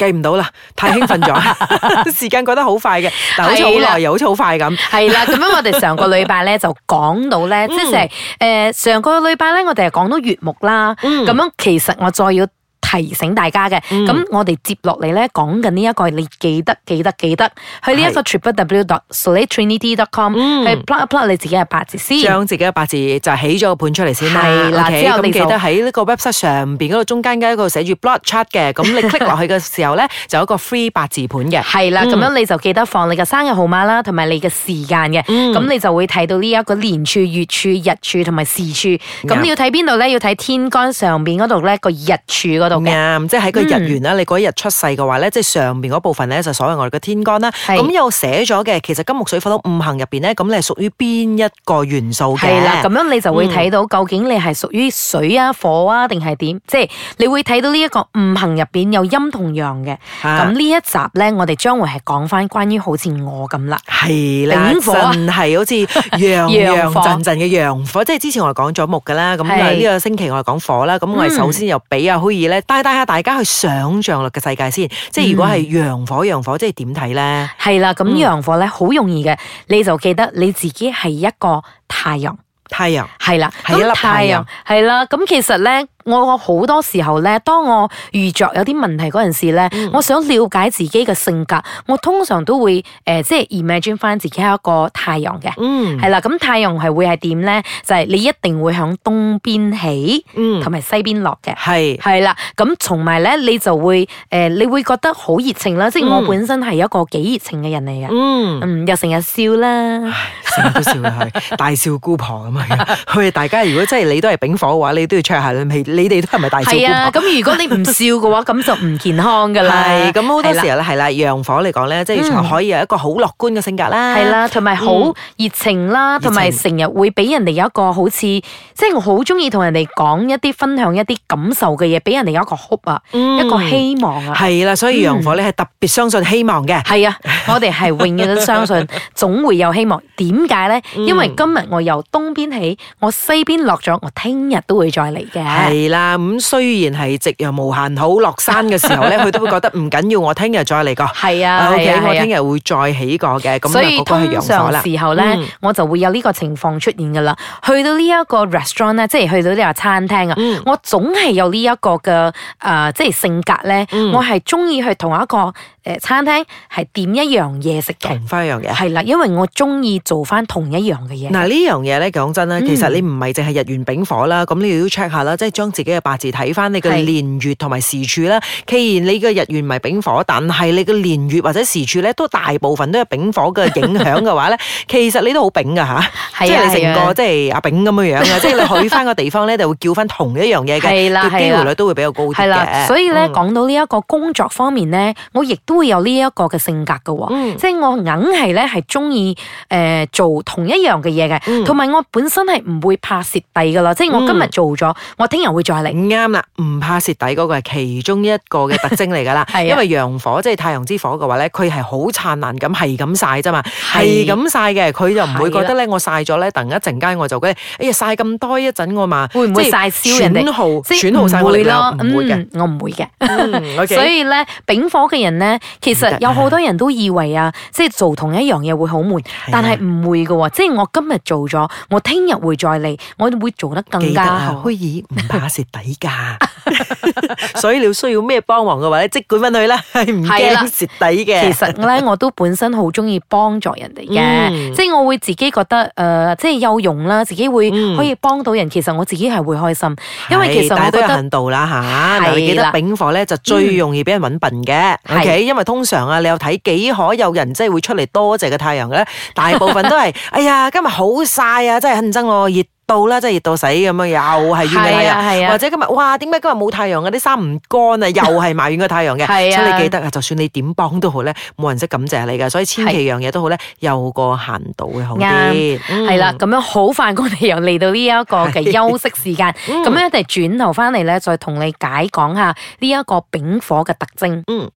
計唔到啦，太興奮咗， 時間過得好快嘅， 但好似好耐又好似好快咁。係啦的，咁 樣我哋上個禮拜呢就講到呢，即係誒，上個禮拜呢我哋係講到月木啦，咁、嗯、樣其實我再要。提醒大家嘅，咁我哋接落嚟咧講緊呢一個，你記得記得記得去呢一個 tripw.com o t 去 plot 一 plot 你自己嘅八字先，將自己嘅八字就起咗個盤出嚟先啦，係啦，之後你記得喺呢個 website 上邊嗰度中間嘅一個寫住 blood chart 嘅，咁你 click 落去嘅時候咧就有一個 free 八字盤嘅，係啦，咁樣你就記得放你嘅生日號碼啦，同埋你嘅時間嘅，咁你就會睇到呢一個年柱、月柱、日柱同埋時柱，咁你要睇邊度咧？要睇天干上邊嗰度咧個日柱嗰度。即係喺個日元啦，嗯、你嗰日出世嘅話咧，即係上面嗰部分咧就是所謂我哋嘅天干啦。咁又是寫咗嘅，其實金木水火土五行入邊咧，咁你係屬於邊一個元素嘅？係啦，咁樣你就會睇到、嗯、究竟你係屬於水啊、火啊定係點？即係你會睇到呢一個五行入邊有陰同陽嘅。咁呢、啊、一集咧，我哋將會係講翻關於好似我咁啦，係啦的，火唔、啊、係好似陽陽陣陣嘅陽火， 火即係之前我哋講咗木噶啦。咁呢是個星期我哋講火啦。咁、嗯、我哋首先又俾阿虛兒咧。帶帶下大家去想像力嘅世界先，即係如果係陽火、嗯、陽火，即係點睇呢？係啦，咁陽火呢好容易嘅，嗯、你就記得你自己係一個太陽，太陽係啦，咁一粒太陽係啦，咁其實呢。我我好多時候咧，當我遇着有啲問題嗰陣時咧，嗯、我想了解自己嘅性格，我通常都會誒即係 imagine 翻自己係一個太陽嘅，係啦，嗯，咁太陽係會係點？咧就係，是，你一定會響東邊起，同埋，嗯、西邊落嘅，係是，係啦，咁同埋咧你就會誒，呃、你會覺得好熱情啦。即係我本身係一個幾熱情嘅人嚟嘅，嗯，嗯，又成日笑啦，成日都笑係 大笑姑婆咁嘛，佢哋 大家如果真係你都係丙火嘅話，你都要 check 下。你哋都係咪大笑？係啊，咁如果你唔笑嘅話，咁就唔健康㗎喇。係咁好多時候咧，係啦，陽火嚟講咧，即係可以有一個好樂觀嘅性格啦。係啦，同埋好熱情啦，同埋成日會俾人哋有一個好似，即係我好中意同人哋講一啲分享一啲感受嘅嘢，俾人哋有一個 hope 啊，一個希望啊。係啦，所以陽火咧係特別相信希望嘅。係啊，我哋係永遠都相信總會有希望。點解咧？因為今日我由東邊起，我西邊落咗，我聽日都會再嚟嘅。啦，咁雖然係夕陽無限好，落山嘅時候咧，佢都會覺得唔緊要，我聽日再嚟過。係啊，OK，我聽日會再起過嘅。咁所以通常時候咧，我就會有呢個情況出現噶啦。去到呢一個 restaurant 咧，即係去到呢個餐廳啊，我總係有呢一個嘅誒，即係性格咧，我係中意去同一個。誒，餐廳係點一樣嘢食同翻一樣嘢係啦，因為我中意做翻同一樣嘅嘢。嗱呢樣嘢咧，講真啦，其實你唔係淨係日元丙火啦，咁你又要 check 下啦，即係將自己嘅八字睇翻你嘅年月同埋時柱啦。既然你嘅日元唔係丙火，但係你嘅年月或者時柱咧，都大部分都有丙火嘅影響嘅話咧，其實你都好丙噶吓，即係你成個即係阿丙咁樣樣嘅，即係你去翻個地方咧就會叫翻同一樣嘢嘅，嘅機會率都會比較高啲嘅。所以咧，講到呢一個工作方面咧，我亦。都會有呢一個嘅性格嘅喎，即係我硬係咧係中意誒做同一樣嘅嘢嘅，同埋我本身係唔會怕蝕底嘅咯，即係我今日做咗，我聽日會再嚟。啱啦，唔怕蝕底嗰個係其中一個嘅特徵嚟噶啦，因為陽火即係太陽之火嘅話咧，佢係好燦爛咁係咁晒啫嘛，係咁晒嘅，佢就唔會覺得咧我晒咗咧，突然一陣間我就覺得，哎呀晒咁多一陣我嘛，會唔會曬燒人哋？消耗，消耗曬我會嘅，我唔會嘅。所以咧，丙火嘅人咧。其實有好多人都以為啊，即係做同一樣嘢會好悶，是的但係唔會噶，即、就、係、是、我今日做咗，我聽日會再嚟，我會做得更加好得我可以唔怕蝕底噶。 所以你需要咩幫忙嘅話咧，即管問佢啦，唔驚蝕底嘅。其實呢，我都本身好中意幫助人哋嘅，即係 我會自己覺得誒、呃，即係有用啦，自己會可以幫到人，其實我自己係會開心，因為其實我覺得，大家都有向道啦吓，大、啊、家的記得丙火咧就最容易俾人揾笨嘅的，OK。因為通常啊，你有睇幾可有人即係會出嚟多謝個太陽嘅咧？大部分都係， 哎呀，今日好曬啊！真係恨憎我熱到啦，真係熱到死咁樣，又係遠個呀，或者今日哇，點解今日冇太陽嘅？啲衫唔乾啊，又係埋怨個太陽嘅。所以你記得啊，就算你點幫都好咧，冇人識感謝你㗎。所以千祈樣嘢都好咧，是有個限度嘅好啲。係啦對，咁、嗯、樣好快我哋又嚟到呢一個嘅休息時間，咁樣哋轉頭翻嚟咧，再同你解講下呢一個丙火嘅特徵。嗯。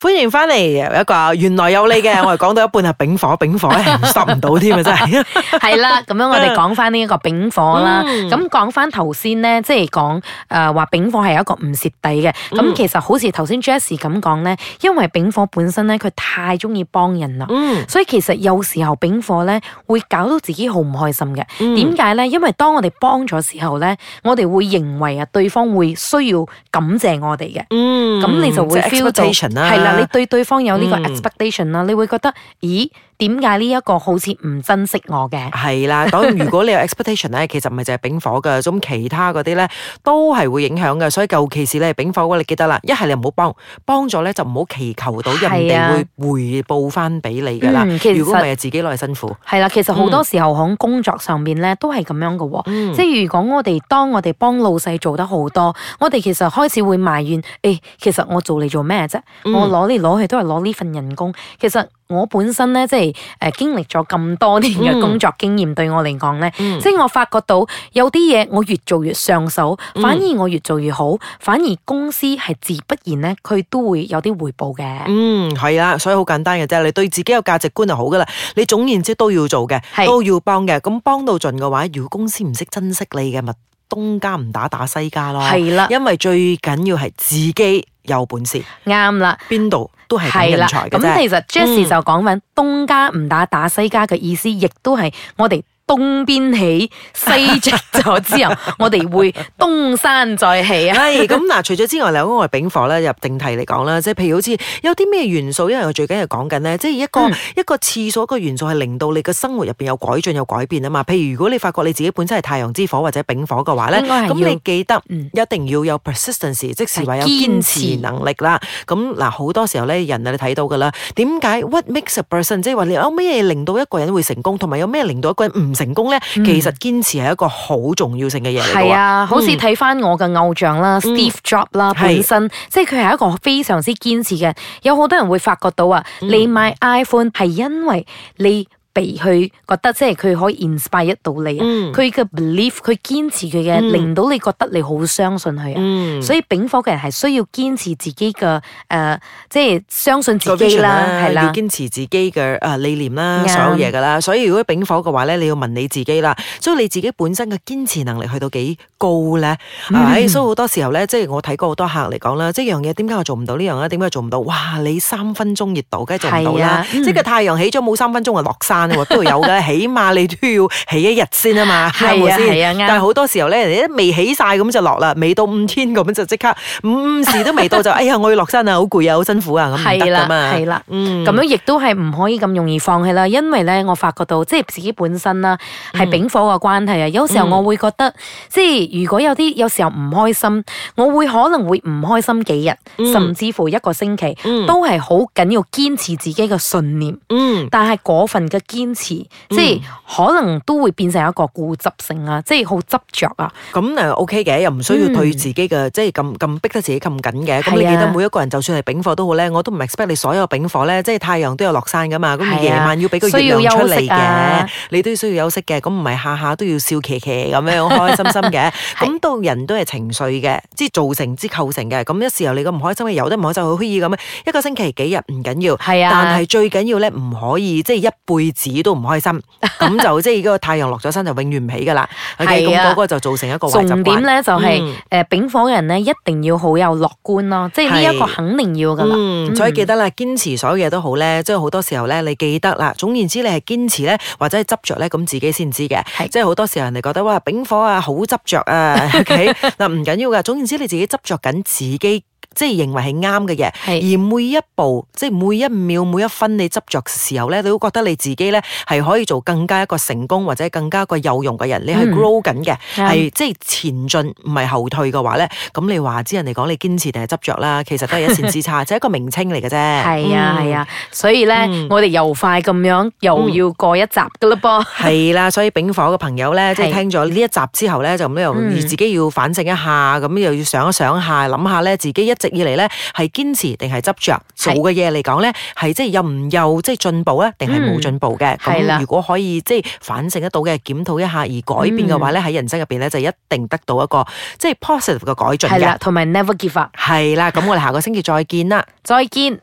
歡迎翻嚟一個玄來有理嘅，我哋講到一半係丙， 丙火，丙火索唔到添真係係啦。咁樣我哋講翻呢一個丙火啦。咁、嗯、講翻頭先咧，即係講誒話、呃、丙火係一個唔蝕底嘅。咁其實好似頭先 Jess 咁講咧，因為丙火本身咧，佢太中意幫人啦。嗯，所以其實有時候丙火咧會搞到自己好唔開心嘅。點解咧？因為當我哋幫咗時候咧，我哋會認為啊，對方會需要感謝我哋嘅。嗯，咁你就會 feel 是到係啦。啊你對對方有呢個 expectation 啦，嗯、你會覺得咦？點解呢一個好似唔珍惜我嘅？係啦、啊，當然如果你有 expectation 咧， 其實唔係就係丙火嘅，咁其他嗰啲咧都係會影響嘅。所以尤其是你係丙火你記得啦，一係你唔好幫，幫咗咧就唔好祈求到人哋會回報翻俾你噶啦。如果唔係，嗯、自己攞嚟辛苦。係啦、啊，其實好多時候響、嗯、工作上面咧都係咁樣嘅喎，嗯、即係如果我哋當我哋幫老細做得好多，我哋其實開始會埋怨，誒、欸，其實我做你做咩啫？嗯、我攞嚟攞去都係攞呢份人工。其實我本身咧，即係誒、呃、經歷咗咁多年嘅工作經驗，嗯、對我嚟講咧，嗯、即係我發覺到有啲嘢我越做越上手，嗯、反而我越做越好，反而公司係自不然咧，佢都會有啲回報嘅。嗯，係啦，所以好簡單嘅啫。你對自己有價值觀就好噶啦。你總言之都要做嘅，的都要幫嘅。咁幫到盡嘅話，如果公司唔識珍惜你嘅咪，東家唔打打西家咯。係啦的，因為最緊要係自己。有本事，啱喇，邊度都係揀人才嘅啫。咁其實 Jessie 就講緊東家唔打打西家嘅意思，亦都係我哋，東邊起西熄咗之後， 我哋會東山再起啊！係咁嗱，除咗之外，另外丙火咧入定題嚟講啦，即係譬如好似有啲咩元素，因為我最緊要講緊咧，即係一個、嗯、一個廁所個元素係令到你嘅生活入邊有改進有改變啊嘛。譬如如果你發覺你自己本身係太陽之火或者丙火嘅話咧，咁你記得一定要有 persistence，、嗯、即係話有堅持能力啦。咁嗱持，好多時候咧，人你睇到噶啦，點解 what makes a person？即係話你有咩令到一個人會成功，同埋有咩令到一個人唔？成功咧，其實堅持係一個好重要性嘅嘢嚟嘅。係啊，好似睇返我嘅偶像啦、嗯、，Steve Jobs 啦、嗯，本身係即係佢係一個非常之堅持嘅。有好多人會發覺到啊，你買 iPhone 係因為你。被佢覺得即係佢可以 inspire 到你啊！佢嘅、嗯、belief，佢堅持佢嘅，嗯、令到你覺得你好相信佢啊！嗯、所以丙火嘅人係需要堅持自己嘅誒、呃，即係相信自己、啊、啦，係啦，堅持自己嘅誒理念啦，嗯、所有嘢噶啦。所以如果丙火嘅話咧，你要問你自己啦，所以你自己本身嘅堅持能力去到幾高咧？係、嗯，所以好多時候咧，即係我睇過好多客嚟講啦，即係樣嘢點解我做唔到呢樣啊？點解我做唔到？哇！你三分鐘熱度梗係做唔到啦！是啊、嗯、即係太陽起咗冇三分鐘就落山。都有嘅，起碼你都要起一日先啊嘛，係啊，係啊，但係好多時候咧，你未起晒咁就落啦，未到五天咁就即刻五時都未到就，哎呀，我要落山啊，好攰啊，好辛苦啊，咁唔得㗎嘛，係啦，咁樣亦都係唔可以咁容易放棄啦，因為咧我發覺到即係自己本身啦，係丙火嘅關係啊，有時候我會覺得即係如果有啲有時候唔開心，我會可能會唔開心幾日，甚至乎一個星期，都係好緊要堅持自己嘅信念，嗯，但係嗰份嘅。堅持即係可能都會變成一個固執性啊，嗯、即係好執着啊。咁誒，O K 嘅，又唔需要對自己嘅、嗯、即係咁咁逼得自己咁緊嘅。咁、啊、你遇到每一個人，就算係丙火都好咧，我都唔 expect 你所有丙火咧，即係太陽都有落山噶嘛。咁夜、啊、晚要俾個月亮出嚟嘅，你都需要休息嘅、啊。咁唔係下下都要笑騎騎咁樣開開心心嘅。咁 到人都係情緒嘅，即係造成之構成嘅。咁一時候你個唔開心嘅有得唔開心就好虛意咁樣，一個星期幾日唔緊、啊、要。但係最緊要咧唔可以即係、就是、一輩。自己都唔開心，咁就即係如果太陽落咗山就永遠唔起噶啦。咁嗰個就造成一個壞習慣。重點咧就係、是、誒、嗯呃，丙火嘅人咧一定要好有樂觀咯，是即係呢一個肯定要噶啦。嗯嗯、所以記得啦，堅持所有嘢都好咧，即係好多時候咧你記得啦。總言之，你係堅持咧，或者係執着咧，咁自己先知嘅。是即係好多時候人哋覺得哇，丙火啊好執着啊。O K，嗱唔緊要噶，總言之你自己執着緊自己。即係認為係啱嘅嘢，是而每一步，即係每一秒、每一分，你執著嘅時候咧，你都覺得你自己咧係可以做更加一個成功或者更加一個有用嘅人。嗯、你係 grow 緊嘅，係是即係前進，唔係後退嘅話咧，咁你話之人嚟講，你堅持定係執着啦，其實都係一線之差， 就係一個名稱嚟嘅啫。係啊係、嗯、啊，啊，所以咧，嗯、我哋又快咁樣又要過一集噶嘞噃。係 啦、啊，所以丙火嘅朋友咧，即係聽咗呢一集之後咧，是就咁樣自己要反省一下，咁、嗯、又要想一想下，諗下咧自己一直。以嚟咧，係堅持定係執着做嘅嘢嚟講咧，係是即係又唔又即係進步咧，定係冇進步嘅。咁、嗯、如果可以即係反省得到嘅，檢討一下而改變嘅話咧，喺、嗯、人生入邊咧就一定得到一個即係 positive 嘅改進嘅，同埋 never give up。係啦，咁我哋下個星期再見啦，再見。